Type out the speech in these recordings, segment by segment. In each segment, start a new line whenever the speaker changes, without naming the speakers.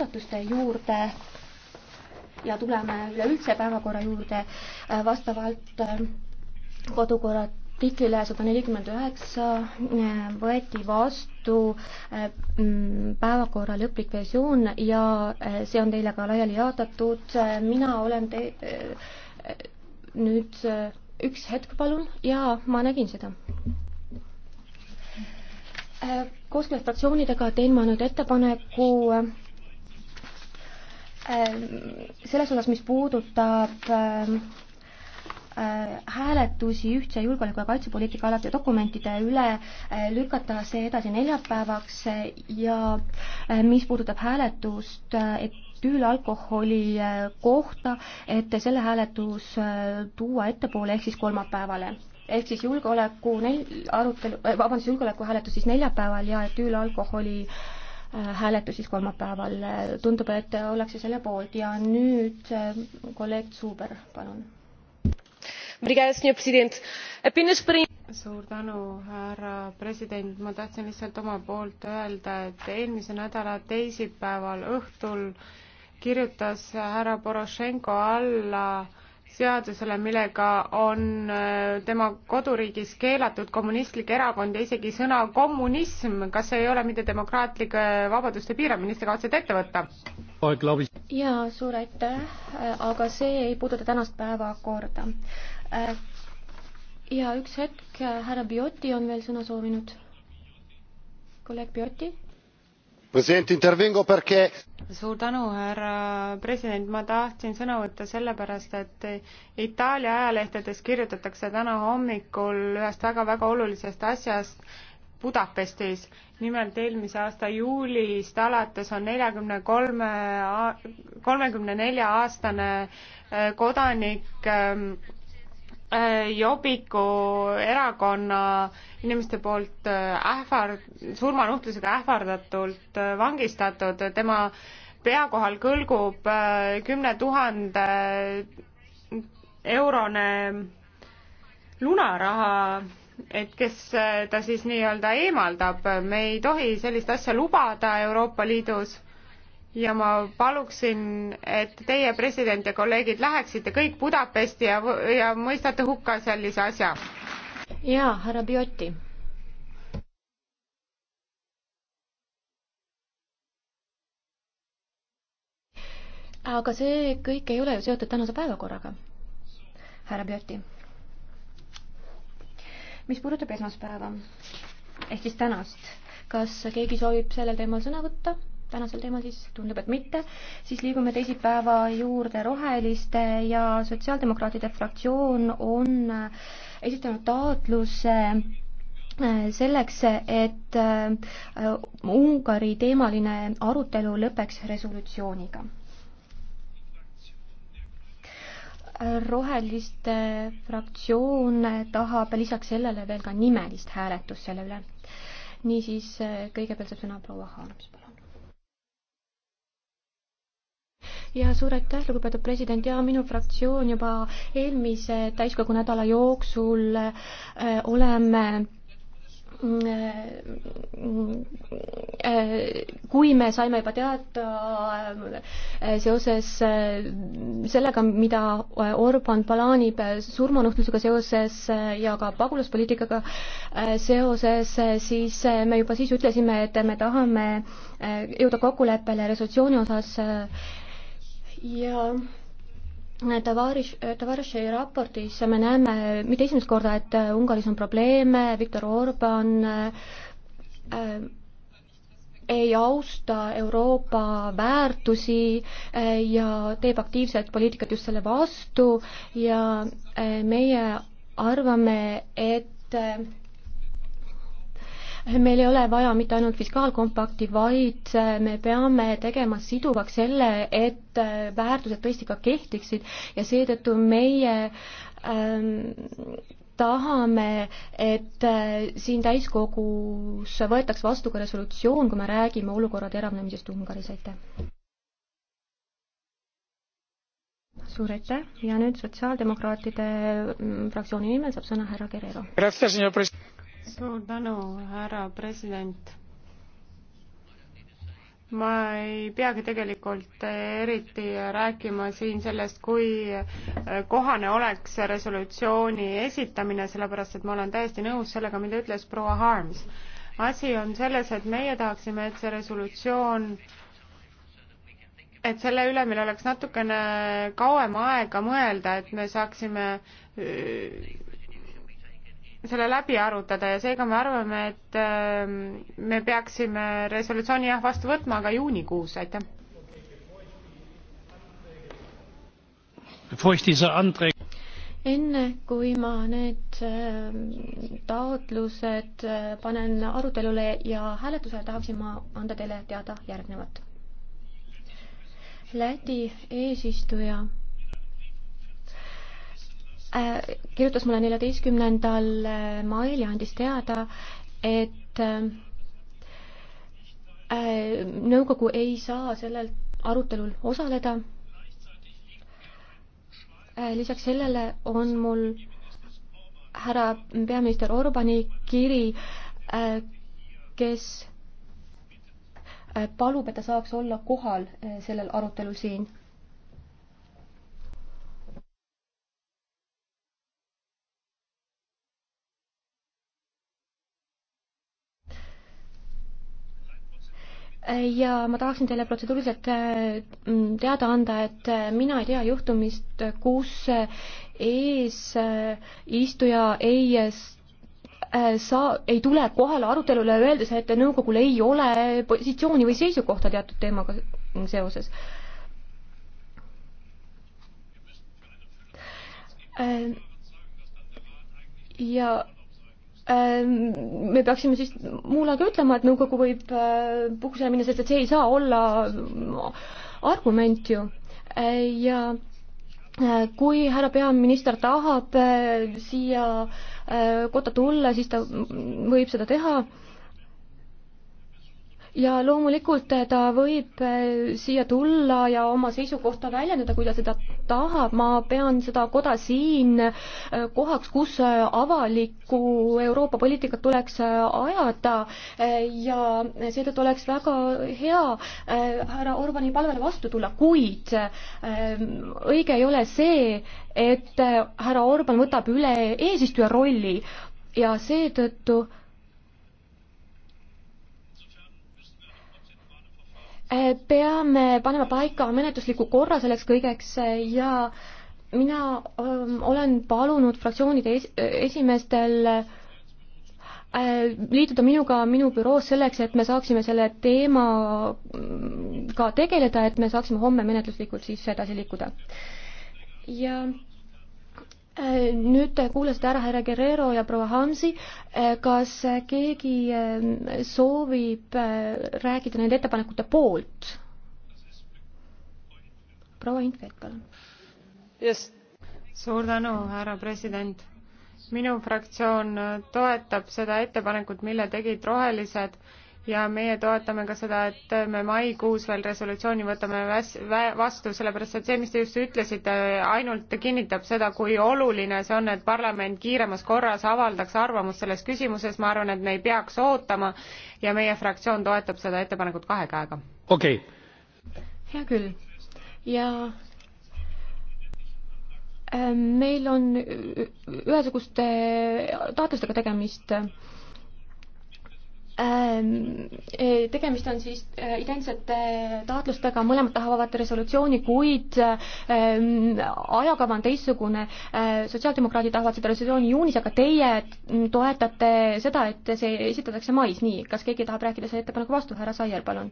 muudatuste juurde ja tuleme üleüldse päevakorra juurde äh, vastavalt äh, kodukorra artiklile sada nelikümmend üheksa äh, võeti vastu mm, päevakorra lõplik versioon ja see on teile ka laiali jaotatud. mina olen te-, nüüd üks hetk palun ja ma nägin seda koostöös fraktsioonidega teen ma nüüd ettepaneku Ehm, selles osas, mis puudutab ehm, ehm, hääletusi ühtse julgeoleku- ja kaitsepoliitika alati dokumentide üle eh, lükata see edasi neljapäevaks eh, ja eh, mis puudutab hääletust etüülalkoholi kohta, et selle hääletus tuua ettepoole ehk siis kolmapäevale. ehk siis julgeoleku nel-, arutelu, vabandust, julgeolekuhääletus siis neljapäeval ja etüülalkoholi äh, Äh, hääletus siis kolmapäeval. tundub, et ollakse selle poolt ja nüüd äh, kolleeg Zuber, palun.
suur tänu, härra president, ma tahtsin lihtsalt oma poolt öelda, et eelmise nädala teisipäeval õhtul kirjutas härra Porošenko alla seadusele, millega on äh, tema koduriigis keelatud kommunistlik erakond ja isegi sõna kommunism, kas ei ole mitte demokraatlike äh, vabaduste piiramine, mis te kavatsete ette võtta? Oh, jaa,
suur aitäh, äh, aga see ei puuduta tänast päevakorda. ja üks hetk, härra Bioti on veel sõna soovinud.
kolleeg Bioti suur tänu härra president ma tahtsin sõna võtta sellepärast et itaalia ajalehtedes kirjutatakse täna hommikul ühest väga väga olulisest asjast budapestis nimelt eelmise aasta juulist alates on neljakümne kolme kolmekümne nelja aastane kodanik ähm, Äh, Jobiku erakonna inimeste poolt äh, ähvard-, surmanuhtlusega ähvardatult äh, vangistatud, tema pea kohal kõlgub kümne tuhande eurone lunaraha, et kes ta siis nii-öelda eemaldab, me ei tohi sellist asja lubada Euroopa Liidus ja ma paluksin, et teie, president ja kolleegid, läheksite kõik Budapesti ja, ja mõistate hukka sellise asja. jaa, härra Bioti.
aga see kõik ei ole ju seotud tänase päevakorraga, härra Bioti. mis puudutab esmaspäeva ehk siis tänast, kas keegi soovib sellel teemal sõna võtta? tänasel teemal siis tundub, et mitte, siis liigume teisipäeva juurde, Roheliste ja Sotsiaaldemokraatide fraktsioon on äh, esitanud taotluse äh, selleks, et äh, Ungari teemaline arutelu lõpeks resolutsiooniga. roheliste fraktsioon tahab lisaks sellele veel ka nimelist hääletust selle üle. niisiis kõigepealt saab sõna proua Haarms ja suur aitäh, lugupeetud president ja minu fraktsioon juba eelmise täiskogu nädala jooksul öö, äh, oleme äh, kui me saime juba teada äh, seoses sellega, mida Orban plaanib surmanuhtlusega seoses ja ka pagulaspoliitikaga seoses, siis me juba siis ütlesime, et me tahame jõuda kokkuleppele resolutsiooni osas ja Tavaris, Tavarši raportis me näeme mitte esimest korda, et äh, Ungaris on probleeme, Viktor Orban äh, äh, ei austa Euroopa väärtusi äh, ja teeb aktiivset poliitikat just selle vastu ja äh, meie arvame, et äh, meil ei ole vaja mitte ainult fiskaalkompakti, vaid äh, me peame tegema siduvaks selle, et äh, väärtused tõesti ka kehtiksid ja seetõttu meie ähm, tahame, et äh, siin täiskogus võetaks vastu ka resolutsioon, kui me räägime olukorra teravnemisest Ungaris, aitäh. suur aitäh ja nüüd sotsiaaldemokraatide mm, fraktsiooni nimel saab sõna härra Guerrero
suur tänu, härra president. ma ei peagi tegelikult eriti rääkima siin sellest, kui kohane oleks resolutsiooni esitamine, sellepärast et ma olen täiesti nõus sellega, mida ütles proua Harms. asi on selles, et meie tahaksime, et see resolutsioon et selle üle meil oleks natukene kauem aega mõelda, et me saaksime selle läbi arutada ja seega me arvame, et ähm, me peaksime resolutsiooni jah, vastu võtma, aga juunikuus, aitäh.
enne kui ma need ähm, taotlused äh, panen arutelule ja hääletusele, tahaksin ma anda teile teada järgnevat. Läti eesistuja Äh, kirjutas mulle neljateistkümnendal äh, mail ja andis teada, et äh, nõukogu ei saa sellel arutelul osaleda. lisaks sellele on mul härra peaminister Orbani kiri, kes palub, et ta saaks olla kohal sellel arutelul siin ja ma tahaksin teile protseduuriliselt äh, teada anda, et äh, mina ei tea juhtumist, kus äh, eesistuja ei saa, ei tule kohale arutelule, öeldes, et nõukogul ei ole positsiooni või seisukohta teatud teemaga seoses. ja Ähm, me peaksime siis muule ka ütlema, et nõukogu võib äh, puhkusele minna, sest et see ei saa olla äh, argument ju. Äh, ja kui härra peaminister tahab siia kotta tulla, siis ta võib seda teha. ja loomulikult ta võib siia tulla ja oma seisukohta väljendada, kui ta seda tahab, ma pean seda koda siin äh, kohaks, kus äh, avalikku Euroopa poliitikat tuleks äh, ajada ja seetõttu oleks väga hea härra Orbani palvele vastu tulla, kuid õige ei ole see, et härra Orban võtab üle eesistuja rolli ja seetõttu äh, peame panema paika menetlusliku korra selleks kõigeks ja mina ähm, olen palunud fraktsioonide es esimeestel äh, liituda minuga minu büroos selleks, et me saaksime selle teemaga mm, tegeleda, et me saaksime homme menetluslikult siis edasi liikuda. ja Äh, nüüd te kuulasite ära härra Guerrero ja proua Hamsi. Äh, kas keegi äh, soovib rääkida nende ettepanekute poolt?
proua Infeld, palun yes.. suur tänu, härra president. minu fraktsioon toetab seda ettepanekut, mille tegid rohelised ja meie toetame ka seda, et me maikuus veel resolutsiooni võtame vastu, sellepärast et see, mis te just ütlesite, ainult kinnitab seda, kui oluline see on, et parlament kiiremas korras avaldaks arvamust selles küsimuses, ma arvan, et me ei peaks ootama ja meie fraktsioon toetab seda ettepanekut kahe käega.
okei okay.. hea küll ja ähm, meil on ühesuguste taotlustega tegemist Ähm, e, tegemist on siis e, identsete taotlustega, mõlemad tahavad resolutsiooni, kuid e, ajakava on teistsugune. sotsiaaldemokraadid tahavad seda resolutsiooni juunis, aga teie toetate seda, et see esitatakse mais, nii, kas keegi tahab rääkida selle ettepaneku vastu, härra Saier, palun?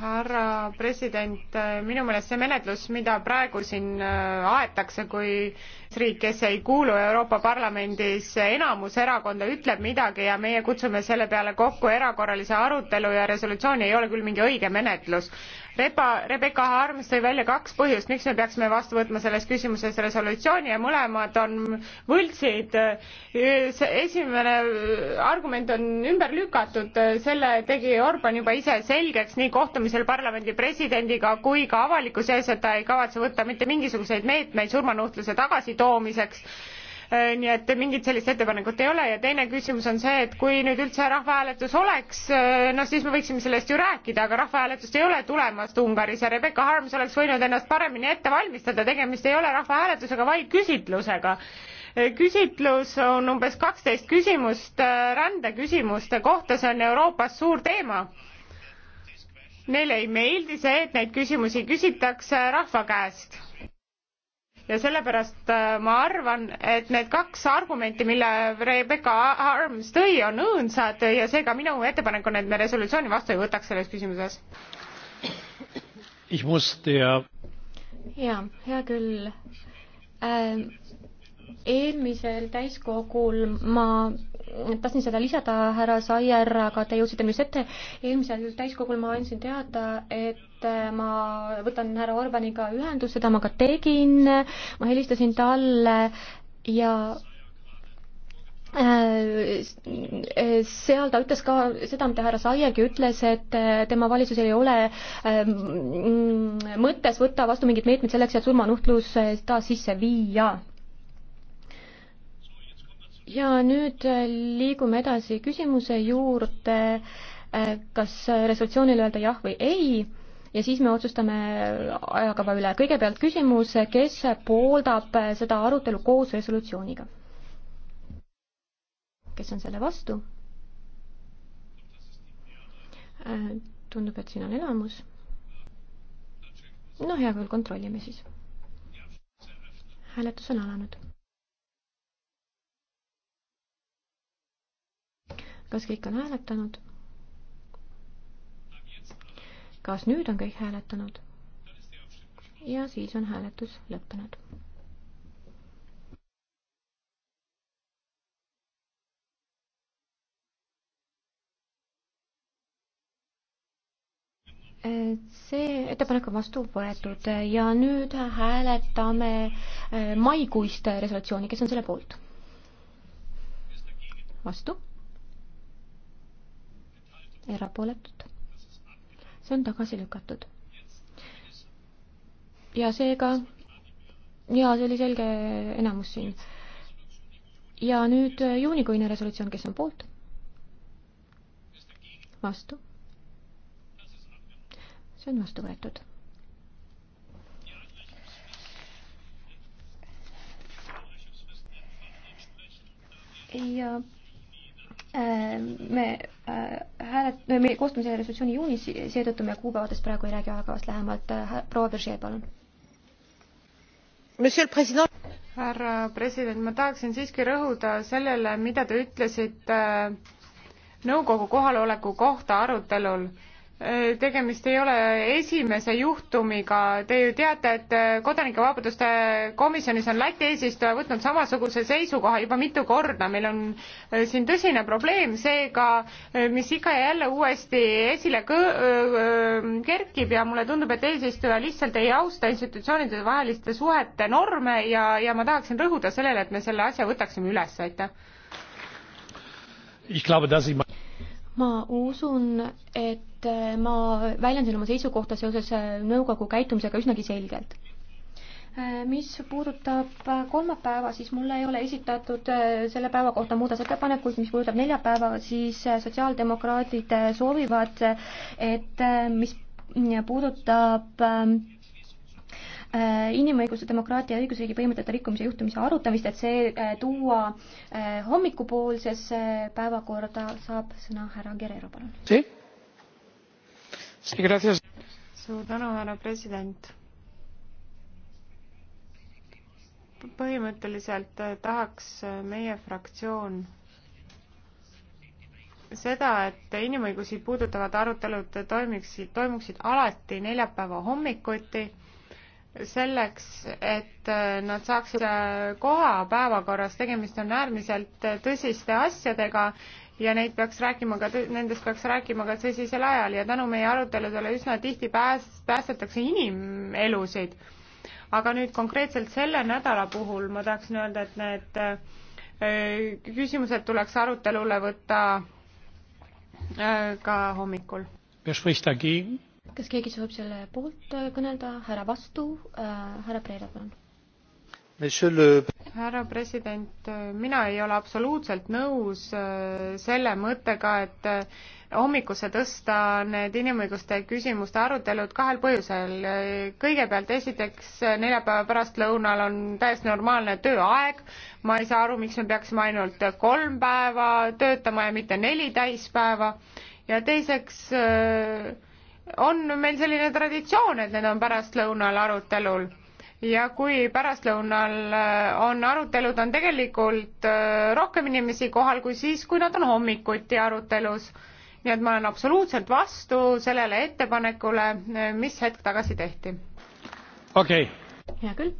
härra
president, minu meelest see menetlus, mida praegu siin äh, aetakse, kui riik, kes ei kuulu Euroopa Parlamendis, enamus erakonda ütleb midagi ja meie kutsume selle peale kokku erakorralise arutelu ja resolutsiooni, ei ole küll mingi õige menetlus. Reba, Rebecca Harms tõi välja kaks põhjust, miks me peaksime vastu võtma selles küsimuses resolutsiooni ja mõlemad on võltsid. see esimene äh, argument on ümber lükatud, äh, selle tegi Orban juba ise selgeks nii kohtumisel parlamendi presidendiga kui ka avalikkuse ees, et ta ei kavatse võtta mitte mingisuguseid meetmeid surmanuhtluse tagasitoomiseks äh, nii et mingit sellist ettepanekut ei ole ja teine küsimus on see, et kui nüüd üldse rahvahääletus oleks, äh, noh siis me võiksime sellest ju rääkida, aga rahvahääletust ei ole tulemas Ungaris ja Rebecca Harms oleks võinud ennast paremini ette valmistada, tegemist ei ole rahvahääletusega, vaid küsitlusega. Äh, küsitlus on umbes kaksteist küsimust rändeküsimuste kohta, see on Euroopas suur teema neile ei meeldi see, et neid küsimusi küsitakse rahva käest. ja sellepärast äh, ma arvan, et need kaks argumenti, mille Rebecca Arms tõi, on õõnsad ja seega minu ettepanek on, et me resolutsiooni vastu ei võtaks selles küsimuses. jaa,
hea küll ähm eelmisel täiskogul ma tahtsin seda lisada, härra Saier, aga te jõudsite minust ette. eelmisel täiskogul ma andsin teada, et äh, ma võtan härra Orbaniga ühendust, seda ma ka tegin. ma helistasin talle ja äh, seal ta ütles ka seda, mida härra Saiegi ütles, et äh, tema valitsusel ei ole mm, mõttes võtta vastu mingeid meetmeid selleks, et surmanuhtlus taas sisse viia ja nüüd äh, liigume edasi küsimuse juurde, äh, kas resolutsioonile öelda jah või ei ja siis me otsustame ajakava üle. kõigepealt küsimus, kes pooldab äh, seda arutelu koos resolutsiooniga? kes on selle vastu? tundub, et siin on enamus. no hea küll, kontrollime siis. hääletus on alanud kas kõik on hääletanud? kas nüüd on kõik hääletanud? ja siis on hääletus lõppenud. see ettepanek on vastu võetud ja nüüd hääletame eh, maikuist resolutsiooni, kes on selle poolt? vastu erapooletud. see on tagasi lükatud. ja seega, ja see oli selge enamus siin. ja nüüd juunikuine resolutsioon, kes on poolt? vastu. see on vastu võetud ja Äh, me äh, hääled, meie kohtumise resolutsiooni juunis, seetõttu me kuupäevadest praegu ei räägi
ajakavast lähemalt. Äh, proua Virgier, palun. härra president, ma tahaksin siiski rõhuda sellele, mida te ütlesite nõukogu kohaloleku kohta arutelul Äh, tegemist ei ole esimese juhtumiga, te ju teate, et äh, kodanikevabaduste komisjonis on Läti eesistuja võtnud samasuguse seisukoha juba mitu korda, meil on äh, siin tõsine probleem, seega mis ikka ja jälle uuesti esile kõ-, kerkib ja mulle tundub, et eesistuja lihtsalt ei austa institutsioonide vaheliste suhete norme ja, ja ma tahaksin rõhuda sellele, et me selle asja võtaksime üles, aitäh
ma usun, et äh, ma väljendan oma seisukohta seoses äh, nõukogu käitumisega üsnagi selgelt. Äh, mis puudutab kolmapäeva, siis mulle ei ole esitatud selle päeva kohta muudatusettepanekuid, mis puudutab neljapäeva, siis sotsiaaldemokraadid soovivad, et mis puudutab äh, Äh, inimõiguse, demokraatia ja õigusriigi põhimõtete rikkumise juhtumise arutamist, et see äh, tuua äh, hommikupoolsesse päevakorda, saab sõna härra Guerrero, palun
sí.. Sí, suur tänu, härra president. põhimõtteliselt tahaks meie fraktsioon seda, et inimõigusi puudutavad arutelud toimiksid, toimuksid alati neljapäeva hommikuti selleks, et äh, nad saaksid äh, koha päevakorras, tegemist on äärmiselt äh, tõsiste asjadega ja neid peaks rääkima ka, nendest peaks rääkima ka tõsisel ajal ja tänu meie aruteludele üsna tihti pääs-, päästetakse inimelusid. aga nüüd konkreetselt selle nädala puhul ma tahaksin öelda, et need öö, küsimused tuleks arutelule võtta öö, ka hommikul. Wer spricht dagegen? kas keegi soovib selle poolt äh, kõnelda, härra vastu äh,, härra Preira, palun härra president, äh, mina ei ole absoluutselt nõus äh, selle mõttega, et hommikusse tõsta need inimõiguste küsimuste arutelud kahel põhjusel. kõigepealt esiteks neljapäeva pärastlõunal on täiesti normaalne tööaeg, ma ei saa aru, miks me peaksime ainult kolm päeva töötama ja mitte neli täispäeva ja teiseks äh, on meil selline traditsioon, et need on pärastlõunal arutelul ja kui pärastlõunal äh, on arutelud, on tegelikult äh, rohkem inimesi kohal kui siis, kui nad on hommikuti arutelus. nii et ma olen absoluutselt vastu sellele ettepanekule, äh, mis hetk tagasi tehti. okei okay.. hea küll.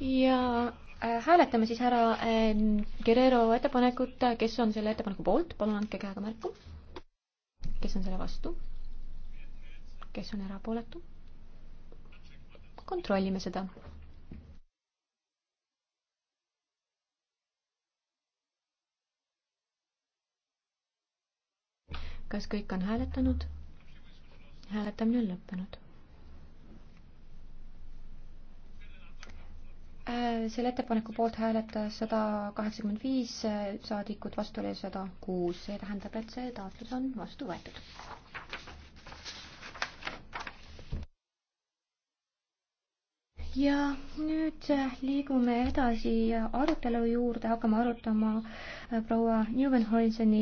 ja hääletame siis ära Guerrero ettepanekut, kes on selle ettepaneku poolt, palun andke käega märku kes on selle vastu? kes on erapooletu? kontrollime seda. kas kõik on hääletanud? hääletamine on lõppenud. Äh, selle ettepaneku poolt hääletas sada kaheksakümmend viis äh, saadikut, vastu oli sada kuus, see tähendab, et see taotlus on vastu võetud. ja nüüd äh, liigume edasi arutelu juurde, hakkame arutama proua Neuwenhuiseni